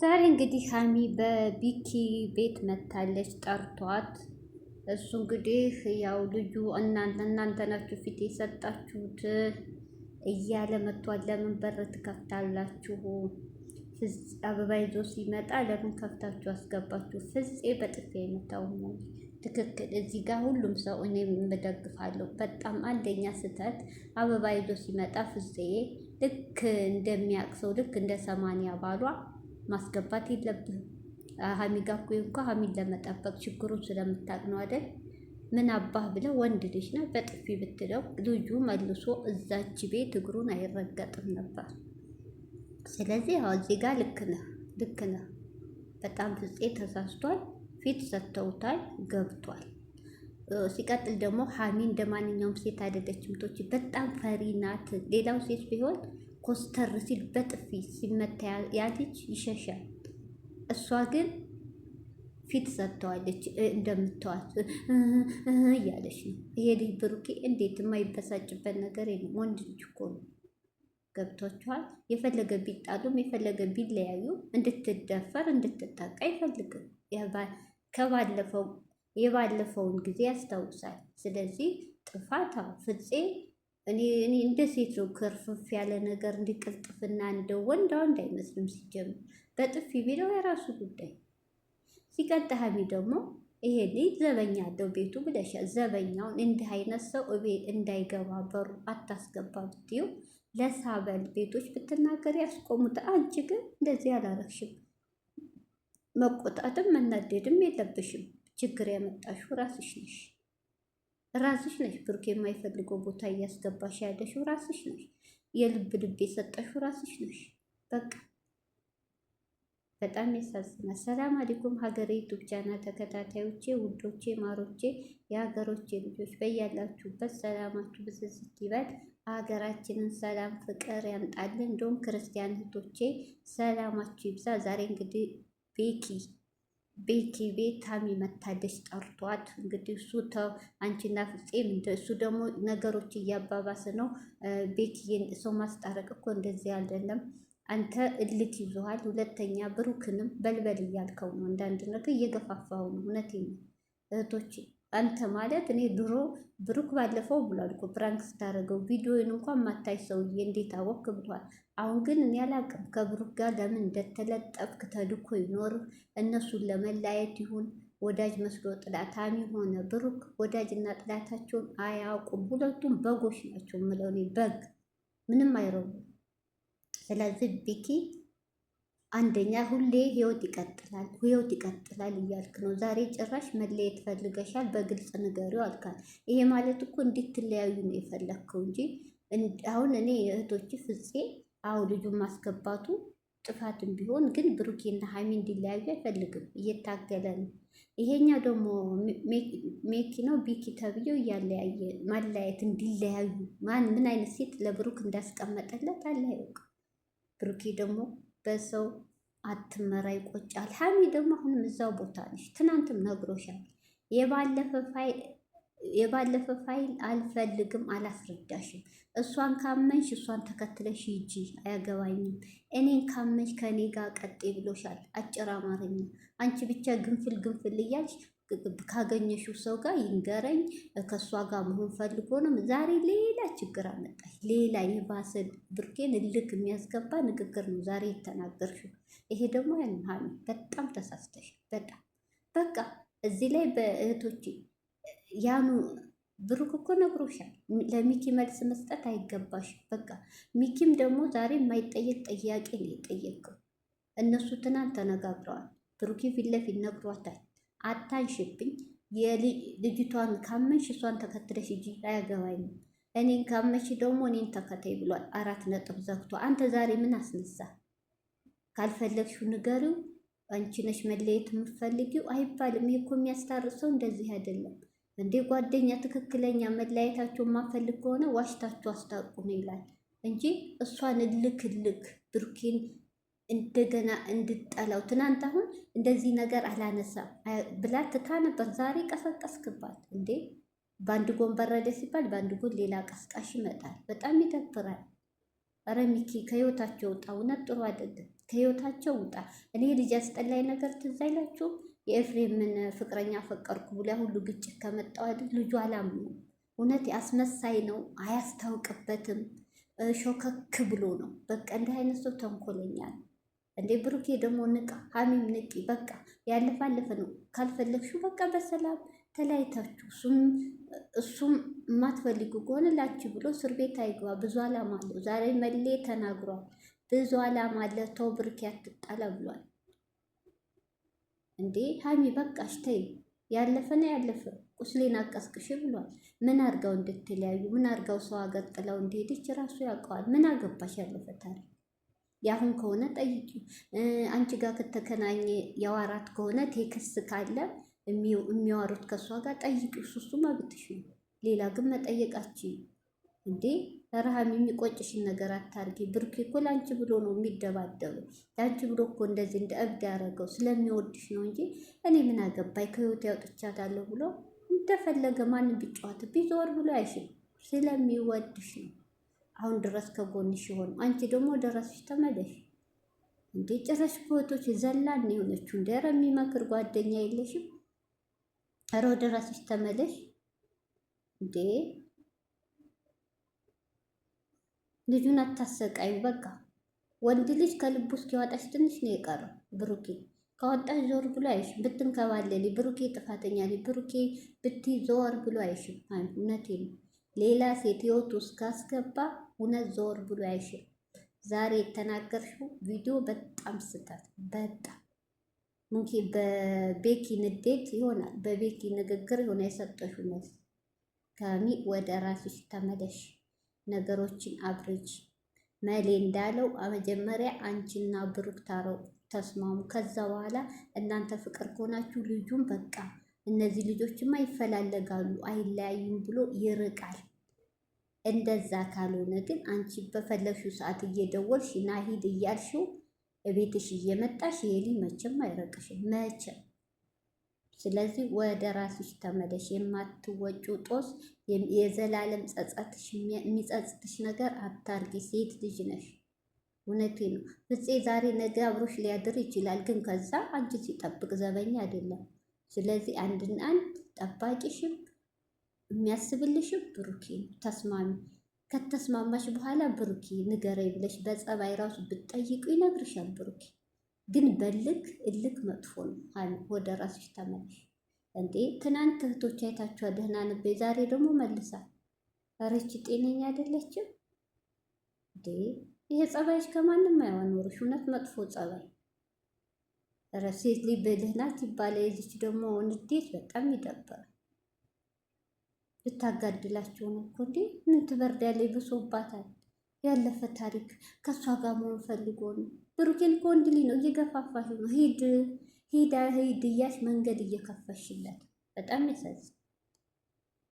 ዛሬ እንግዲህ ሀሚ በቢኪ ቤት መታለች ጠርቷት። እሱ እንግዲህ ያው ልጁ እናንተ ናችሁ ፊት የሰጣችሁት እያለ መጥቷል። ለምን በር ትከፍታላችሁ? አበባ ይዞ ሲመጣ ለምን ከፍታችሁ አስገባችሁ? ፍፄ በጥፊ አይመታው ትክክል። እዚህ ጋር ሁሉም ሰው እኔ የምደግፋለሁ። በጣም አንደኛ ስህተት አበባ ይዞ ሲመጣ ፍፄ ልክ እንደሚያቅሰው ልክ እንደ ሰማንያ ባሏ ማስገባት የለብህም። ሀሚጋ እኮ እንኳ ሀሚን ለመጠበቅ ችግሩን ስለምታቅ ነው አይደል? ምን አባህ ብለህ ወንድ ልጅ ና በጥፊ ብትለው ልጁ መልሶ እዛች ቤት እግሩን አይረገጥም ነበር። ስለዚህ ያው እዚህ ጋር ልክ ነህ፣ ልክ ነህ። በጣም ፍፄ ተሳስቷል። ፊት ሰጥተውታል፣ ገብቷል። ሲቀጥል ደግሞ ሀሚ እንደ ማንኛውም ሴት አይደለችም። ቶች በጣም ፈሪ ናት። ሌላው ሴት ቢሆን ኮስተር ሲል በጥፊ ሲመታ ያለች ይሸሻል። እሷ ግን ፊት ሰጥተዋለች። እንደምታዋት እያለች ነው። ይሄ ልጅ ብሩኬ እንዴት የማይበሳጭበት ነገር የለም። ወንድ ልጅ እኮ ነው። ገብቷችኋል? የፈለገ ቢጣሉም የፈለገ ቢለያዩ እንድትደፈር እንድትጠቃ አይፈልግም። ከባለፈው የባለፈውን ጊዜ ያስታውሳል። ስለዚህ ጥፋት ፍፄ እኔ እንደ ሴት ነው ከርፍፍ ያለ ነገር እንዲቅልጥፍና እንደ ወንድ ወንድ አይመስልም። ሲጀምር በጥፊ ቢለው የራሱ ጉዳይ። ሲቀጥ ደግሞ ይሄ ልጅ ዘበኛ አለው ቤቱ ብለሻ ዘበኛውን እንዲህ አይነት ሰው እቤ እንዳይገባ በሩ አታስገባ ብትዩ ለሳበል ቤቶች ብትናገር ያስቆሙት። አንቺ ግን እንደዚህ አላረግሽም። መቆጣትም መናደድም የለብሽም። ችግር ያመጣሽው ራስሽ ነሽ። ራስሽ ነሽ። ብሩክ የማይፈልገው ቦታ እያስገባሽ ያለሽው ራስሽ ነሽ። የልብ ልብ የሰጠሽው ራስሽ ነሽ። በቃ በጣም ያሳዝናል። ሰላም አለይኩም ሀገሬ ዩቱብ ቻናል ተከታታዮቼ፣ ውዶቼ፣ ማሮቼ፣ የሀገሮቼ ልጆች በያላችሁበት ሰላማችሁ ብዝዝት ይበል። ሀገራችንን ሰላም ፍቅር ያምጣልን። እንዲሁም ክርስቲያን እህቶቼ ሰላማችሁ ይብዛ። ዛሬ እንግዲህ ቤኪ ቤቲ ቤት ታሚ መታደስ ጠርቷት እንግዲህ እሱ አንቺና ፍፄም እሱ ደግሞ ነገሮች እያባባሰ ነው። ቤትዬን ሰው ማስጣረቅ እኮ እንደዚህ አይደለም። አንተ እልት ይዞሃል። ሁለተኛ ብሩክንም በልበል እያልከው ነው። አንዳንድ ነገር እየገፋፋው ነው። እውነቴን ነው እህቶቼ አንተ ማለት እኔ ድሮ ብሩክ ባለፈው ብሏል እኮ ፕራንክ ስታደርገው ቪዲዮን እንኳን ማታይ ሰውዬ እንዴት አወክ ብሏል። አሁን ግን እኔ አላቅም ከብሩክ ጋር ለምን እንደተለጠፍክ ተልኮ ይኖር እነሱን ለመላየት ይሁን ወዳጅ መስሎ ጥላታሚ ሆነ። ብሩክ ወዳጅና ጥላታቸውን አያውቁም። ሁለቱም በጎች ናቸው ምለው እኔ በግ ምንም አይረቡ። ስለዚህ ቢኪ አንደኛ ሁሌ ህይወት ይቀጥላል ህይወት ይቀጥላል እያልክ ነው። ዛሬ ጭራሽ መለየት ፈልገሻል፣ በግልጽ ንገሪው አልካል። ይሄ ማለት እኮ እንድትለያዩ ነው የፈለግከው እንጂ አሁን እኔ እህቶች ፍፄ አው ልጁን ማስገባቱ ጥፋትም ቢሆን ግን ብሩኬና ሀይሚ እንዲለያዩ አይፈልግም፣ እየታገለ ነው። ይሄኛው ደግሞ ሜኪ ነው ቢኪ ተብዬው እያለያየ ማለያየት እንዲለያዩ ማን ምን አይነት ሴት ለብሩክ እንዳስቀመጠለት አለ ያውቅ ብሩኬ ደግሞ በሰው አትመራ ይቆጫል። ሀሚ ደግሞ አሁንም እዛው ቦታ ነሽ። ትናንትም ነግሮሻል። የባለፈ ፋይል አልፈልግም፣ አላስረዳሽም። እሷን ካመንሽ እሷን ተከትለሽ ሂጂ፣ አያገባኝም። እኔን ካመንሽ ከኔ ጋር ቀጤ ብሎሻል። አጭር አማርኛ አንቺ ብቻ ግንፍል ግንፍል እያልሽ ካገኘሽው ሰው ጋር ይንገረኝ፣ ከእሷ ጋር መሆን ፈልጎ ነው። ዛሬ ሌላ ችግር አመጣሽ፣ ሌላ የባሰ ብርኬን እልክ የሚያስገባ ንግግር ነው ዛሬ የተናገርሽው። ይሄ ደግሞ ያንሃል በጣም ተሳስተሽ፣ በጣም በቃ እዚህ ላይ በእህቶች ያኑ ብሩክ እኮ ነግሮሻል። ለሚኪ መልስ መስጠት አይገባሽ በቃ ሚኪም ደግሞ ዛሬ የማይጠየቅ ጥያቄ ነው የጠየቀው። እነሱ ትናንት ተነጋግረዋል። ብሩኪ ፊት ለፊት ነግሯታል። አታንሽብኝ። ልጅቷን ካመንሽ እሷን ተከትለሽ እጂ፣ አያገባኝም። እኔን ካመንሽ ደግሞ እኔን ተከታይ ብሏል። አራት ነጥብ ዘግቶ አንተ ዛሬ ምን አስነሳ? ካልፈለግሽው ንገሪው። አንቺ ነሽ መለየት የምትፈልጊው አይባልም። ይሄ እኮ የሚያስታርሰው እንደዚህ አይደለም እንዴ ጓደኛ። ትክክለኛ መለያየታቸው የማፈልግ ከሆነ ዋሽታችሁ አስታርቁ ነው ይላል እንጂ እሷን እልክ እልክ ብርኪን እንደገና እንድጠላው ትናንት አሁን እንደዚህ ነገር አላነሳም ብላ ትታ ነበር። ዛሬ ቀሰቀስክባት እንዴ! በአንድ ጎን በረደ ሲባል በአንድ ጎን ሌላ ቀስቃሽ ይመጣል። በጣም ይደብራል። ኧረ ሚኪ ከህይወታቸው ውጣ። እውነት ጥሩ አይደለም። ከህይወታቸው ውጣ። እኔ ልጅ አስጠላይ ነገር ትዝ አይላችሁም? የኤፍሬምን ፍቅረኛ ፈቀርኩ ብላ ሁሉ ግጭት ከመጣዋል ልጁ አላምኑ። እውነት አስመሳይ ነው። አያስታውቅበትም። ሾከክ ብሎ ነው። በቃ እንዲህ አይነት ሰው ተንኮለኛል። እንዴ ብሩኬ ደግሞ ንቃ፣ ሀሚም ንቂ። በቃ ያለፈ አለፈ ነው። ካልፈለግሽው በቃ በሰላም ተለያይታችሁ እሱም የማትፈልጉ ላችሁ ብሎ እስር ቤት አይግባ። ብዙ አላማ አለው። ዛሬ መሌ ተናግሯል። ብዙ አላማ አለ። ተው ብሩኬ አትጣላ ብሏል። እንዴ ሀሚ በቃሽ ተይ፣ ያለፈ ነው ያለፈ። ቁስሌን አቀስቅሽ ብሏል። ምን አርጋው እንድትለያዩ፣ ምን አርጋው ሰው አገር ጥላው እንደሄደች ራሱ ያውቀዋል። ምን አገባሽ ያለፈ ታሪክ ያሁን ከሆነ ጠይቂ። አንቺ ጋር ከተከናኘ የዋራት ከሆነ ቴክስ ካለ የሚያወሩት ከእሷ ጋር ጠይቂው። ሱሱ መብትሽ ነው። ሌላ ግን መጠየቃች እንዴ ረሃም የሚቆጭሽን ነገር አታርጊ። ብርኬ እኮ ለአንቺ ብሎ ነው የሚደባደሩ። ለአንቺ ብሎ እኮ እንደዚህ እንደ እብድ ያደረገው ስለሚወድሽ ነው እንጂ እኔ ምን አገባኝ ከህይወት ያውጥቻታለሁ ብሎ እንደፈለገ ማንም ቢጫወትብኝ ዞር ብሎ አይሽም። ስለሚወድሽ ነው። አሁን ድረስ ከጎንሽ ይሆን አንቺ ደግሞ ደረስሽ ተመለሽ። እንዴ ጭራሽ ፎቶች ዘላን የሆነችው እንደ ኧረ የሚመክር ጓደኛ የለሽም። ኧረ ወደ ራስሽ ተመለሽ። እንዴ ልጁን አታሰቃዩ። በቃ ወንድ ልጅ ከልቡ እስኪዋጣሽ ትንሽ ነው የቀረው። ብሩኬ ከወጣሽ ዞር ብሎ አይሽም። ብትንከባለሊ ብሩኬ ጥፋተኛ ብሩኬ ብትይ ዞር ብሎ አይሽም። እውነቴ ነው። ሌላ ሴት ህይወት ውስጥ ካስገባ እውነት ዞር ብሎ አይሽም። ዛሬ የተናገርሽው ቪዲዮ በጣም ስህተት፣ በጣም እንኪ በቤኪ ንዴት ይሆናል፣ በቤኪ ንግግር የሆነ የሰጠሽው መልስ። ከሚ ወደ ራስሽ ተመለሽ፣ ነገሮችን አብርጅ። መሌ እንዳለው መጀመሪያ አንቺና ብሩክ ታረው ተስማሙ። ከዛ በኋላ እናንተ ፍቅር ከሆናችሁ ልጁም በቃ እነዚህ ልጆችማ ይፈላለጋሉ አይለያዩም ብሎ ይርቃል። እንደዛ ካልሆነ ግን አንቺ በፈለግሽው ሰዓት እየደወልሽ ና ሂድ እያልሽው እቤትሽ እየመጣሽ ይሄ መቼም አይረቅሽም መቼም። ስለዚህ ወደ ራስሽ ተመለሽ። የማትወጪው ጦስ፣ የዘላለም ጸጸትሽ፣ የሚጸጽትሽ ነገር አታርጊ። ሴት ልጅ ነሽ። እውነቴ ነው ብፄ ዛሬ ነገ አብሮሽ ሊያድር ይችላል፣ ግን ከዛ አንቺ ሲጠብቅ ዘበኛ አይደለም። ስለዚህ አንድን አንድ ጠባቂሽም የሚያስብልሽም ብሩኬ ተስማሚ ከተስማማሽ በኋላ ብሩኬ ንገረኝ ብለሽ በጸባይ ራሱ ብትጠይቁ ይነግርሻል። ብሩኬ ግን በልክ እልክ መጥፎ ነው። ወደ ራስሽ ተመለሽ። እንዴ ትናንት እህቶች አይታችኋ ደህና ነበይ፣ ዛሬ ደግሞ መልሳ ረች ጤነኛ አይደለችም እንዴ። ይሄ ጸባይሽ ከማንም አይሆን ኖርሽ። እውነት መጥፎ ጸባይ ሴት ልጅ በደህና ትባለ የዚች ደግሞ ንዴት በጣም ይደብራል። ልታጋድላቸው ነው እኮ እንዴ! ምን ትበርዳለች? ብሶባታል። ያለፈ ታሪክ ከእሷ ጋር መሆን ፈልጎ ነው። ብሩኬን እኮ ወንድ ልጅ ነው እየገፋፋሽ ነው። ሂድ ሂድ ሂድ እያልሽ መንገድ እየከፈሽላት በጣም ያሳዝን